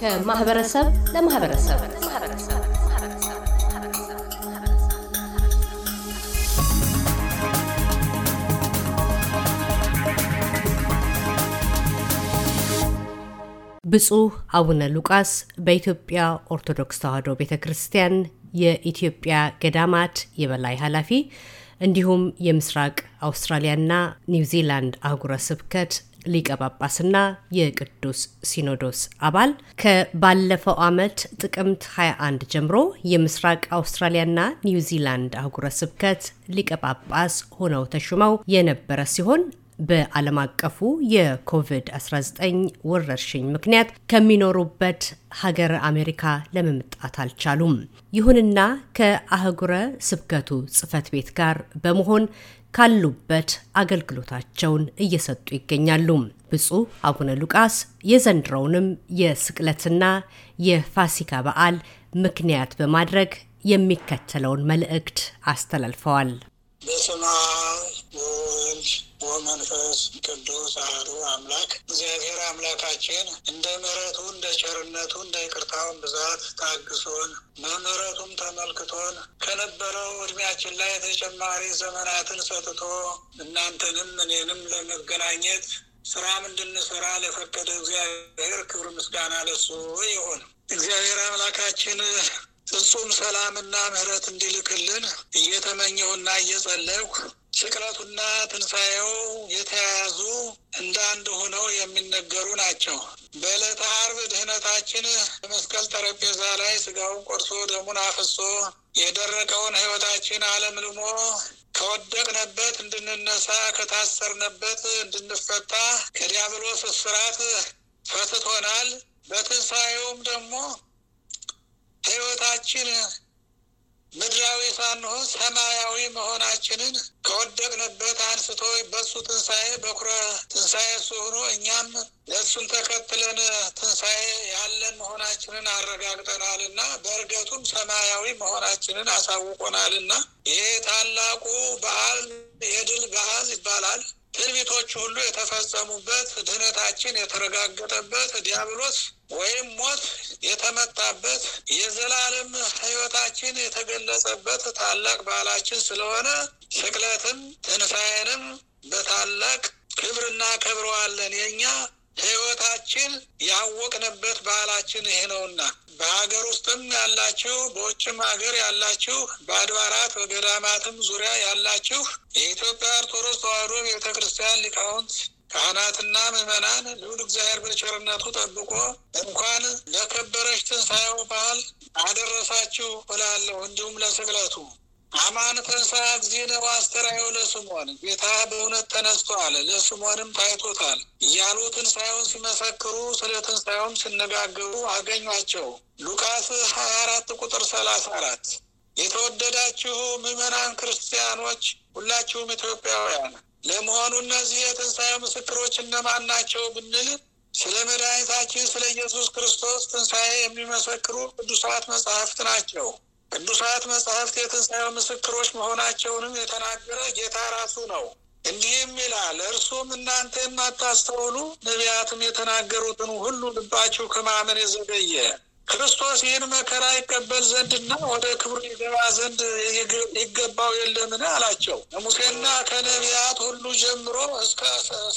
ከማህበረሰብ ለማህበረሰብ ብፁህ አቡነ ሉቃስ በኢትዮጵያ ኦርቶዶክስ ተዋህዶ ቤተ ክርስቲያን የኢትዮጵያ ገዳማት የበላይ ኃላፊ እንዲሁም የምስራቅ አውስትራሊያና ኒውዚላንድ አህጉረ ስብከት ሊቀ ጳጳስና የቅዱስ ሲኖዶስ አባል ከባለፈው ዓመት ጥቅምት 21 ጀምሮ የምስራቅ አውስትራሊያና ኒውዚላንድ አህጉረ ስብከት ሊቀ ጳጳስ ሆነው ተሹመው የነበረ ሲሆን በዓለም አቀፉ የኮቪድ-19 ወረርሽኝ ምክንያት ከሚኖሩበት ሀገር አሜሪካ ለመምጣት አልቻሉም። ይሁንና ከአህጉረ ስብከቱ ጽህፈት ቤት ጋር በመሆን ካሉበት አገልግሎታቸውን እየሰጡ ይገኛሉ። ብፁዕ አቡነ ሉቃስ የዘንድሮውንም የስቅለትና የፋሲካ በዓል ምክንያት በማድረግ የሚከተለውን መልእክት አስተላልፈዋል። ወወልድ ወመንፈስ ቅዱስ አሐዱ አምላክ እግዚአብሔር አምላካችን እንደ ምሕረቱ እንደ ቸርነቱ እንደ ይቅርታውን ብዛት ታግሶን በምሕረቱም ተመልክቶን ከነበረው እድሜያችን ላይ ተጨማሪ ዘመናትን ሰጥቶ እናንተንም እኔንም ለመገናኘት ስራም እንድንሰራ ለፈቀደ እግዚአብሔር ክብር ምስጋና ለሱ ይሁን። እግዚአብሔር አምላካችን ፍጹም ሰላምና ምሕረት እንዲልክልን እየተመኘሁና እየጸለይኩ ስቅለቱና ትንሣኤው የተያያዙ እንደ አንድ ሆነው የሚነገሩ ናቸው። በዕለተ ዓርብ ድህነታችን በመስቀል ጠረጴዛ ላይ ስጋውን ቆርሶ ደሙን አፍሶ የደረቀውን ሕይወታችን አለምልሞ ልሞ ከወደቅንበት እንድንነሳ ከታሰርንበት እንድንፈታ ከዲያብሎስ እስራት ፈትቶናል። በትንሣኤውም ደግሞ ሕይወታችን ምድራዊ ሳንሆን ሰማያዊ መሆናችንን ከወደቅንበት አንስቶ በሱ ትንሣኤ በኩረ ትንሣኤ እሱ ሆኖ እኛም ለእሱን ተከትለን ትንሣኤ ያለን መሆናችንን አረጋግጠናልና በእርገቱም ሰማያዊ መሆናችንን አሳውቆናልና ይሄ ታላቁ በዓል የድል በዓል ይባላል። ትንቢቶች ሁሉ የተፈጸሙበት ድህነታችን የተረጋገጠበት ዲያብሎስ ወይም ሞት የተመጣበት የዘላለም ሕይወታችን የተገለጸበት ታላቅ በዓላችን ስለሆነ ስቅለትም ትንሣኤንም በታላቅ ክብር እናከብረዋለን። የእኛ ሕይወታችን ያወቅንበት በዓላችን ይሄ ነውና በሀገር ውስጥም ያላችሁ በውጭም ሀገር ያላችሁ በአድባራት በገዳማትም ዙሪያ ያላችሁ የኢትዮጵያ ኦርቶዶክስ ተዋሕዶ ቤተ ክርስቲያን ሊቃውንት ካህናትና ምዕመናን ልዑል እግዚአብሔር በቸርነቱ ጠብቆ እንኳን ለከበረች ትንሣኤው በዓል አደረሳችሁ እላለሁ። እንዲሁም ለስቅለቱ አማን ተንሳ እግዚእነ ወአስተርአዮ ለስምዖን ጌታ በእውነት ተነስቷል ለስምዖንም ታይቶታል እያሉ ትንሣኤውን ሲመሰክሩ ስለ ትንሣኤውም ሲነጋገሩ አገኟቸው። ሉቃስ 24 ቁጥር አራት የተወደዳችሁ ምዕመናን ክርስቲያኖች ሁላችሁም ኢትዮጵያውያን ለመሆኑ እነዚህ የትንሣኤ ምስክሮች እነማን ናቸው ብንል ስለ መድኃኒታችን ስለ ኢየሱስ ክርስቶስ ትንሣኤ የሚመሰክሩ ቅዱሳት መጽሐፍት ናቸው። ቅዱሳት መጽሐፍት የትንሣኤ ምስክሮች መሆናቸውንም የተናገረ ጌታ ራሱ ነው። እንዲህም ይላል፣ እርሱም እናንተ የማታስተውሉ ነቢያትም የተናገሩትን ሁሉ ልባችሁ ከማመን የዘገየ ክርስቶስ ይህን መከራ ይቀበል ዘንድና ወደ ክብር ይገባ ዘንድ ይገባው የለምን አላቸው። ከሙሴና ከነቢያት ሁሉ ጀምሮ እስከ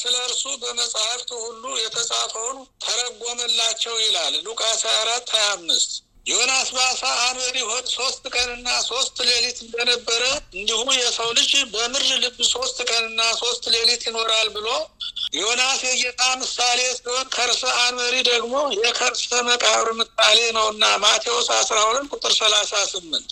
ስለ እርሱ በመጽሐፍት ሁሉ የተጻፈውን ተረጎመላቸው ይላል ሉቃስ 24 25 ዮናስ በአሳ አንበሪ ሆድ ሶስት ቀንና ሶስት ሌሊት እንደነበረ እንዲሁ የሰው ልጅ በምድር ልብ ሶስት ቀንና ሶስት ሌሊት ይኖራል ብሎ ዮናስ የጌታ ምሳሌ ሲሆን ከርሰ አንበሪ ደግሞ የከርሰ መቃብር ምሳሌ ነውና ማቴዎስ አስራ ሁለት ቁጥር ሰላሳ ስምንት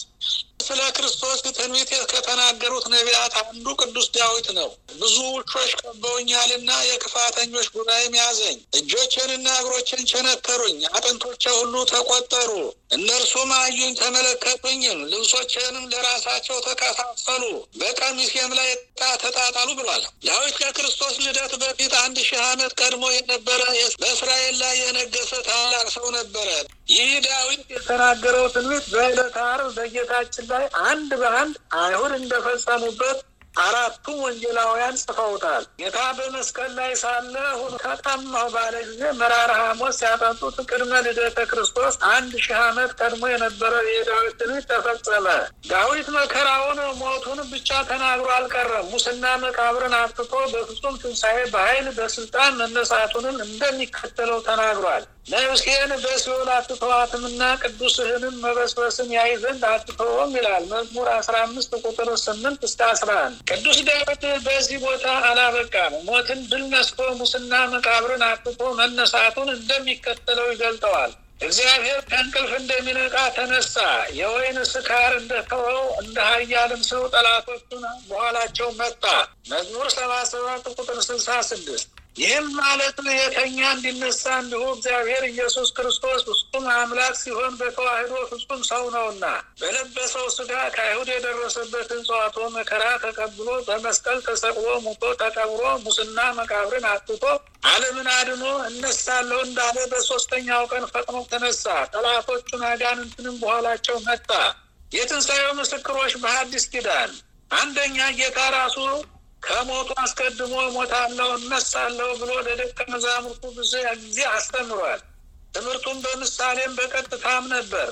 ስለ ክርስቶስ ትንቢት ከተናገሩት ነቢያት አንዱ ቅዱስ ዳዊት ነው። ብዙ ውሾች ከበውኛልና የክፋተኞች ጉባኤም ያዘኝ፣ እጆቼንና እግሮቼን ቸነከሩኝ፣ አጥንቶቼ ሁሉ ተቆጠሩ። እነርሱም አዩኝ ተመለከቱኝም፣ ልብሶቼንም ለራሳቸው ተከፋፈሉ፣ በቀሚሴም ላይ ጣ ተጣጣሉ ብሏል። ዳዊት ከክርስቶስ ልደት በፊት አንድ ሺህ ዓመት ቀድሞ የነበረ በእስራኤል ላይ የነገሰ ታላቅ ሰው ነበረ። ይህ ዳዊት የተናገረው ትንቢት በዕለተ ዓርብ በጌታችን ላይ አንድ በአንድ አይሁድ እንደፈጸሙበት አራቱም ወንጌላውያን ጽፈውታል። ጌታ በመስቀል ላይ ሳለ ሁሉ ተጠማሁ ባለ ጊዜ መራራ ሐሞት ሲያጠጡት ቅድመ ልደተ ክርስቶስ አንድ ሺህ ዓመት ቀድሞ የነበረው የዳዊት ትንቢት ተፈጸመ። ዳዊት መከራውን ሞቱን ብቻ ተናግሮ አልቀረም። ሙስና መቃብርን አጥፍቶ በፍጹም ትንሣኤ በኃይል በስልጣን መነሳቱንም እንደሚከተለው ተናግሯል። ነፍሴን በሲኦል አትተዋትምና ቅዱስህንም መበስበስን ያይ ዘንድ አትተውም ይላል መዝሙር አስራ አምስት ቁጥር ስምንት እስከ አስራ አንድ ቅዱስ ዳዊት በዚህ ቦታ አላበቃም። ሞትን ድል ነስቶ ሙስና መቃብርን አትቶ መነሳቱን እንደሚከተለው ይገልጠዋል። እግዚአብሔር ከእንቅልፍ እንደሚነቃ ተነሳ፣ የወይን ስካር እንደተወው እንደ ኃያልም ሰው ጠላቶቹን በኋላቸው መጣ። መዝሙር ሰባ ሰባት ቁጥር ስልሳ ስድስት ይህም ማለት ነው የተኛ እንዲነሳ እንዲሁ እግዚአብሔር ኢየሱስ ክርስቶስ ፍጹም አምላክ ሲሆን በተዋህዶ ፍጹም ሰው ነውና በለበሰው ስጋ ከአይሁድ የደረሰበትን ጸዋቶ መከራ ተቀብሎ በመስቀል ተሰቅሎ ሙቶ ተቀብሮ ሙስና መቃብርን አጥቶ ዓለምን አድኖ እነሳለሁ እንዳለ በሶስተኛው ቀን ፈጥኖ ተነሳ። ጠላቶቹን አጋንንትንም በኋላቸው መጣ! የትንሣኤው ምስክሮች በሐዲስ ኪዳን አንደኛ ጌታ ራሱ ከሞቱ አስቀድሞ ሞታለሁ እነሳለሁ ብሎ ለደቀ መዛሙርቱ ብዙ ጊዜ አስተምሯል። ትምህርቱም በምሳሌም በቀጥታም ነበር።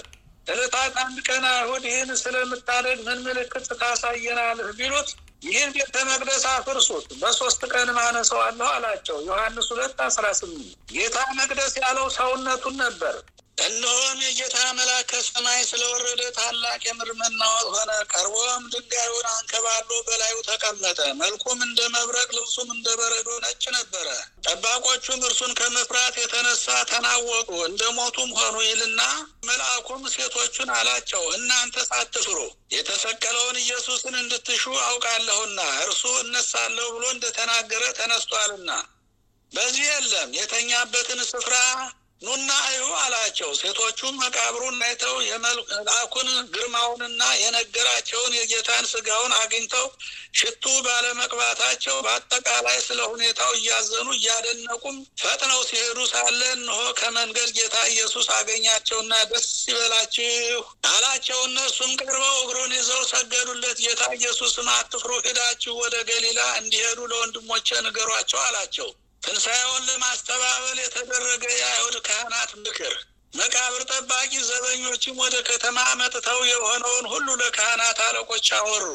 እለታት አንድ ቀን አይሁድ ይህን ስለምታደርግ ምን ምልክት ታሳየናልህ ቢሉት ይህን ቤተ መቅደስ አፍርሱት በሶስት ቀን አለሁ አላቸው። ዮሐንስ ሁለት አስራ ስምንት ጌታ መቅደስ ያለው ሰውነቱን ነበር። እነሆም የጌታ መልአክ ከሰማይ ስለወረደ ታላቅ የምድር መናወጥ ሆነ። ቀርቦም ድንጋዩን አንከባሎ በላዩ ተቀመጠ። መልኩም እንደ መብረቅ፣ ልብሱም እንደ በረዶ ነጭ ነበረ። ጠባቆቹም እርሱን ከመፍራት የተነሳ ተናወጡ፣ እንደ ሞቱም ሆኑ ይልና መልአኩም ሴቶቹን አላቸው፣ እናንተ ሳትፍሩ የተሰቀለውን ኢየሱስን እንድትሹ አውቃለሁና እርሱ እነሳለሁ ብሎ እንደተናገረ ተነስቷልና በዚህ የለም የተኛበትን ስፍራ ኑና እዩ አላቸው። ሴቶቹም መቃብሩን አይተው የመልአኩን ግርማውንና የነገራቸውን የጌታን ስጋውን አግኝተው ሽቱ ባለመቅባታቸው በአጠቃላይ ስለ ሁኔታው እያዘኑ እያደነቁም ፈጥነው ሲሄዱ ሳለ እንሆ ከመንገድ ጌታ ኢየሱስ አገኛቸውና ደስ ይበላችሁ አላቸው። እነሱም ቀርበው እግሩን ይዘው ሰገዱለት። ጌታ ኢየሱስም አትፍሩ፣ ሂዳችሁ ወደ ገሊላ እንዲሄዱ ለወንድሞቼ ንገሯቸው አላቸው። ትንሣኤውን ለማስተባበል የተደረገ የአይሁድ ካህናት ምክር መቃብር ጠባቂ ዘበኞችም ወደ ከተማ መጥተው የሆነውን ሁሉ ለካህናት አለቆች አወሩ።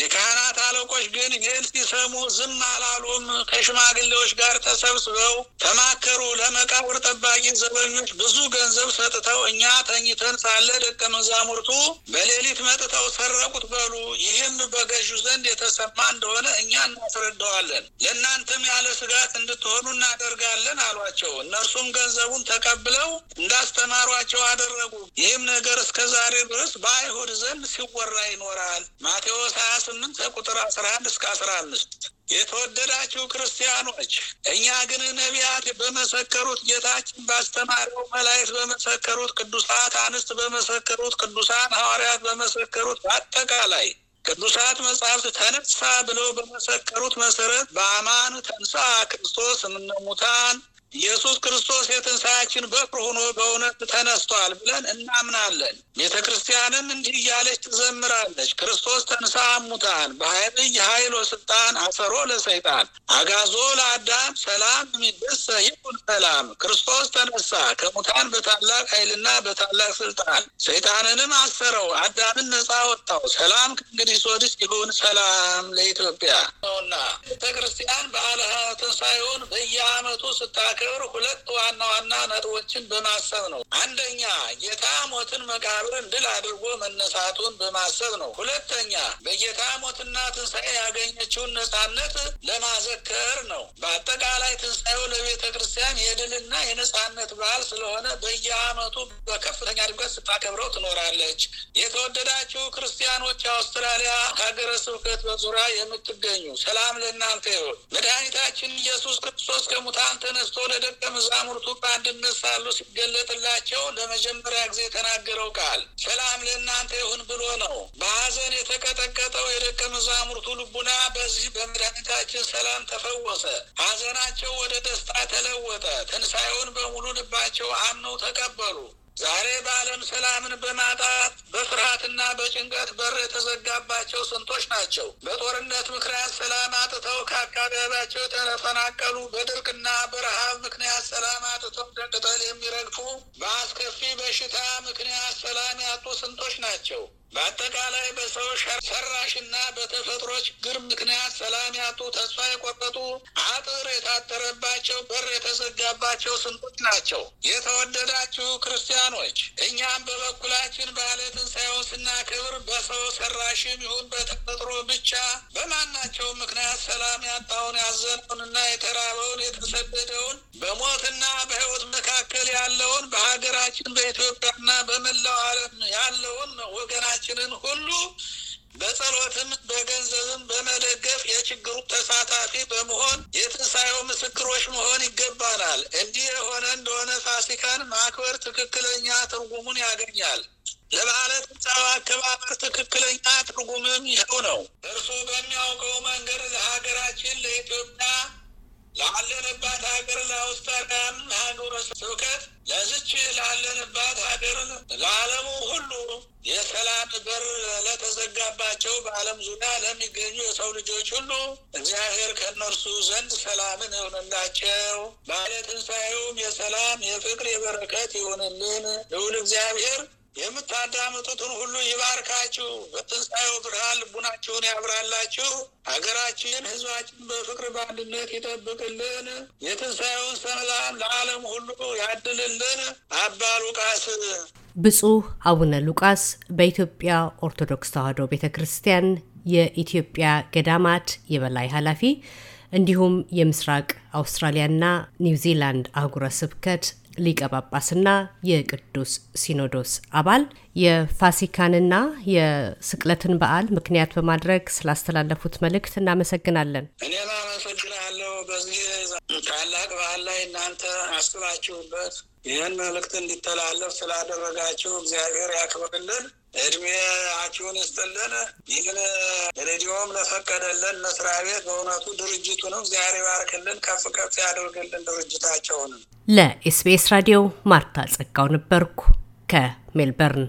የካህናት አለቆች ግን ይህን ሲሰሙ ዝም አላሉም። ከሽማግሌዎች ጋር ተሰብስበው ተማከሩ። ለመቃብር ጠባቂ ዘበኞች ብዙ ገንዘብ ሰጥተው እኛ ተኝተን ሳለ ደቀ መዛሙርቱ በሌሊት መጥተው ሰረቁት በሉ። ይህም በገዢው ዘንድ የተሰማ እንደሆነ እኛ እናስረዳዋለን፣ ለእናንተም ያለ ስጋት እንድትሆኑ እናደርጋለን አሏቸው። እነርሱም ገንዘቡን ተቀብለው እንዳስተማሯቸው አደረጉ። ይህም ነገር እስከ ዛሬ ድረስ በአይሁድ ዘንድ ሲወራ ይኖራል። ማቴዎስ ስምንት ከቁጥር አስራ አንድ እስከ አስራ አምስት የተወደዳችሁ ክርስቲያኖች እኛ ግን ነቢያት በመሰከሩት ጌታችን ባስተማሪው መላእክት በመሰከሩት ቅዱሳት አንስት በመሰከሩት ቅዱሳን ሐዋርያት በመሰከሩት በአጠቃላይ ቅዱሳት መጽሐፍት ተነሳ ብለው በመሰከሩት መሰረት በአማን ተንሳ ክርስቶስ እምነ ሙታን ኢየሱስ ክርስቶስ የትንሣያችን በኩር ሆኖ በእውነት ተነስቷል ብለን እናምናለን። ቤተ ክርስቲያንም እንዲህ እያለች ትዘምራለች። ክርስቶስ ተንሥአ እሙታን በኃይልይ ኃይል ወሥልጣን አሰሮ ለሰይጣን አግዓዞ ለአዳም ሰላም እምይእዜሰ ይኩን ሰላም። ክርስቶስ ተነሳ ከሙታን በታላቅ ኃይልና በታላቅ ስልጣን፣ ሰይጣንንም አሰረው፣ አዳምን ነፃ ወጣው። ሰላም ከእንግዲህ ወዲህ ይሁን ሰላም ለኢትዮጵያ ነውና ቤተ ክርስቲያን በዓለ ትንሣኤውን በየዓመቱ ስታ ስናከብር ሁለት ዋና ዋና ነጥቦችን በማሰብ ነው። አንደኛ ጌታ ሞትን መቃብርን ድል አድርጎ መነሳቱን በማሰብ ነው። ሁለተኛ በጌታ ሞትና ትንሣኤ ያገኘችውን ነጻነት ለማዘከር ነው። በአጠቃላይ ትንሣኤው ለቤተ ክርስቲያን የድልና የነጻነት በዓል ስለሆነ በየዓመቱ በከፍተኛ ድምቀት ስታከብረው ትኖራለች። የተወደዳችሁ ክርስቲያኖች አውስትራሊያ ሀገረ ስብከት በዙሪያ የምትገኙ ሰላም ለእናንተ ይሁን። መድኃኒታችን ኢየሱስ ክርስቶስ ከሙታን ተነስቶ ለደቀ መዛሙርቱ በአንድነት ሳሉ ሲገለጥላቸው ለመጀመሪያ ጊዜ የተናገረው ቃል ሰላም ለእናንተ ይሁን ብሎ ነው። በሐዘን የተቀጠቀጠው የደቀ መዛሙርቱ ልቡና በዚህ በመድኃኒታችን ሰላም ተፈወሰ። ሐዘናቸው ወደ ደስታ ተለወጠ። ትንሣኤውን በሙሉ ልባቸው አምነው ተቀበሉ። ዛሬ በዓለም ሰላምን በማጣት በፍርሃትና በጭንቀት በር የተዘጋባቸው ስንቶች ናቸው። በጦርነት ምክንያት ሰላም አጥተው ከአካባቢያቸው የተፈናቀሉ፣ በድርቅና በረሃብ ምክንያት ሰላም አጥተው ቅጠል የሚረግፉ፣ በአስከፊ በሽታ ምክንያት ሰላም ያጡ ስንቶች ናቸው። በአጠቃላይ በሰው ሰራሽና በተፈጥሮ ችግር ምክንያት ሰላም ያጡ፣ ተስፋ የቆረጡ፣ አጥር የታጠረባቸው፣ በር የተዘጋባቸው ስንቶች ናቸው። የተወደዳችሁ ክርስቲያኖች፣ እኛም በበኩላችን በዓለ ትንሣኤውን ስናከብር በሰው ሰራሽም ይሁን በተፈጥሮ ብቻ በማናቸው ምክንያት ሰላም ያጣውን፣ ያዘነውንና የተራበውን፣ የተሰደደውን፣ በሞትና በሕይወት መካከል ያለውን በሀገራችን በኢትዮጵያና በመላው ዓለም ያለውን ወገና ወገኖቻችንን ሁሉ በጸሎትም በገንዘብም በመደገፍ የችግሩ ተሳታፊ በመሆን የትንሣኤው ምስክሮች መሆን ይገባናል። እንዲህ የሆነ እንደሆነ ፋሲካን ማክበር ትክክለኛ ትርጉሙን ያገኛል። ለበዓለ ትንሣኤ አከባበር ትክክለኛ ትርጉምም ይኸው ነው። እርሱ በሚያውቀው መንገድ ለሀገራችን ለኢትዮጵያ ላለንባት ሀገር ለአውስትራሊያም አህጉረ ስብከት ለዝች ላለንባት ሀገር ለዓለሙ ሁሉ የሰላም በር ለተዘጋባቸው በዓለም ዙሪያ ለሚገኙ የሰው ልጆች ሁሉ እግዚአብሔር ከእነርሱ ዘንድ ሰላምን ይሆንላቸው። በዓለ ትንሣኤውም የሰላም የፍቅር፣ የበረከት ይሆንልን። ልዑል እግዚአብሔር የምታዳምጡትን ሁሉ ይባርካችሁ፣ በትንሣኤው ብርሃን ልቡናችሁን ያብራላችሁ፣ ሀገራችን ሕዝባችን በፍቅር በአንድነት ይጠብቅልን፣ የትንሣኤውን ሰላም ለዓለም ሁሉ ያድልልን። አባ ሉቃስ ብፁህ አቡነ ሉቃስ በኢትዮጵያ ኦርቶዶክስ ተዋሕዶ ቤተ ክርስቲያን የኢትዮጵያ ገዳማት የበላይ ኃላፊ እንዲሁም የምስራቅ አውስትራሊያና ኒውዚላንድ አህጉረ ስብከት ሊቀ ጳጳስና የቅዱስ ሲኖዶስ አባል የፋሲካንና የስቅለትን በዓል ምክንያት በማድረግ ስላስተላለፉት መልእክት እናመሰግናለን። እኔም አመሰግናለሁ። በዚህ ታላቅ በዓል ላይ እናንተ አስባችሁበት ይህን መልእክት እንዲተላለፍ ስላደረጋችሁ እግዚአብሔር ያክብርልን። እድሜያችሁን ይስጥልን። ይህን ሬዲዮም ለፈቀደልን መስሪያ ቤት በእውነቱ ድርጅቱንም እግዚአብሔር ይባርክልን፣ ከፍ ከፍ ያደርግልን ድርጅታቸውንም። ለኤስቢኤስ ራዲዮ ማርታ ጸጋው ነበርኩ ከሜልበርን።